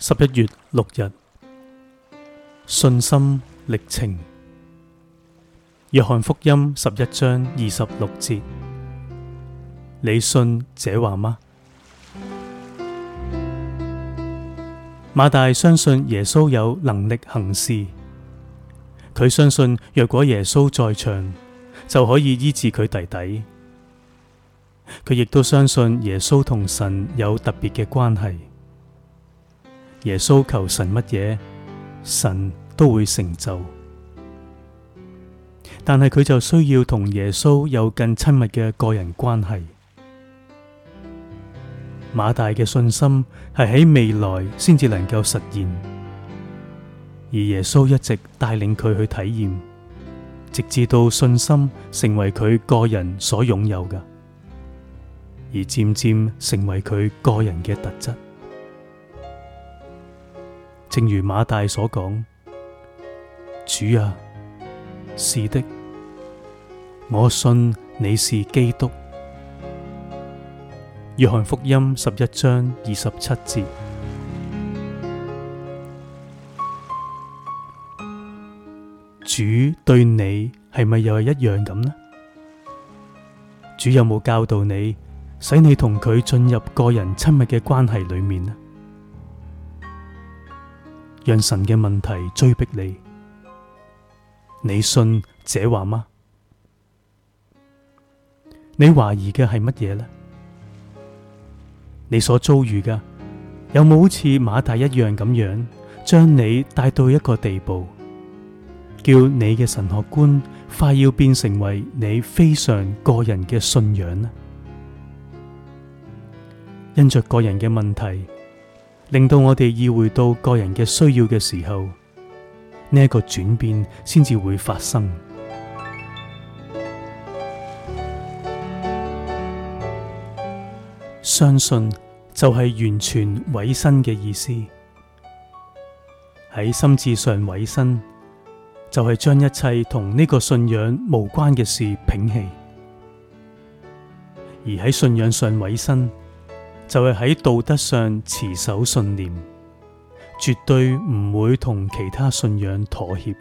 十一月六日，信心歷程。約翰福音十一章二十六節，你信這話嗎？馬大相信耶穌有能力行事，佢相信若果耶穌在場，就可以醫治佢弟弟。佢亦都相信耶穌同神有特別嘅關係。耶穌求神乜嘢，神都會成就。但係佢就需要同耶穌有更親密嘅個人關係。馬大嘅信心係喺未來先至能夠實現，而耶穌一直帶領佢去體驗，直至到信心成為佢個人所擁有嘅，而漸漸成為佢個人嘅特質。正如馬大所講，主啊，是的，我信你是基督。約翰福音十一章二十七節。主對你係咪又係一樣咁呢？主有冇教導你，使你同佢進入個人親密嘅關係裏面呢？讓神嘅問題追迫你，你信這話嗎？你懷疑嘅係乜嘢呢？你所遭遇嘅有冇好似馬大一樣咁樣，將你帶到一個地步，叫你嘅神學觀快要變成為你非常個人嘅信仰呢？因着個人嘅問題。令到我哋意會到個人嘅需要嘅時候，呢、這、一個轉變先至會發生。相信就係完全委身嘅意思，喺心智上委身，就係、是、將一切同呢個信仰無關嘅事摒棄，而喺信仰上委身。就係喺道德上持守信念，絕對唔會同其他信仰妥協，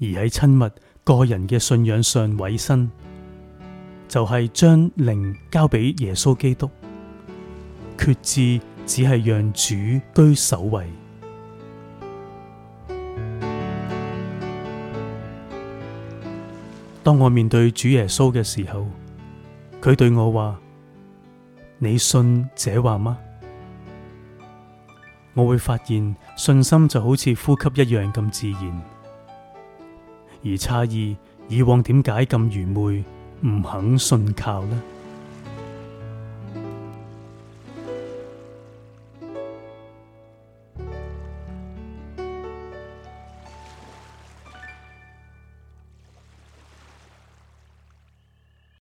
而喺親密個人嘅信仰上委身，就係將靈交俾耶穌基督，決志只係讓主居首位。當我面對主耶穌嘅時候，佢對我話。你信這話嗎？我會發現信心就好似呼吸一樣咁自然，而詫異以往點解咁愚昧唔肯信靠呢？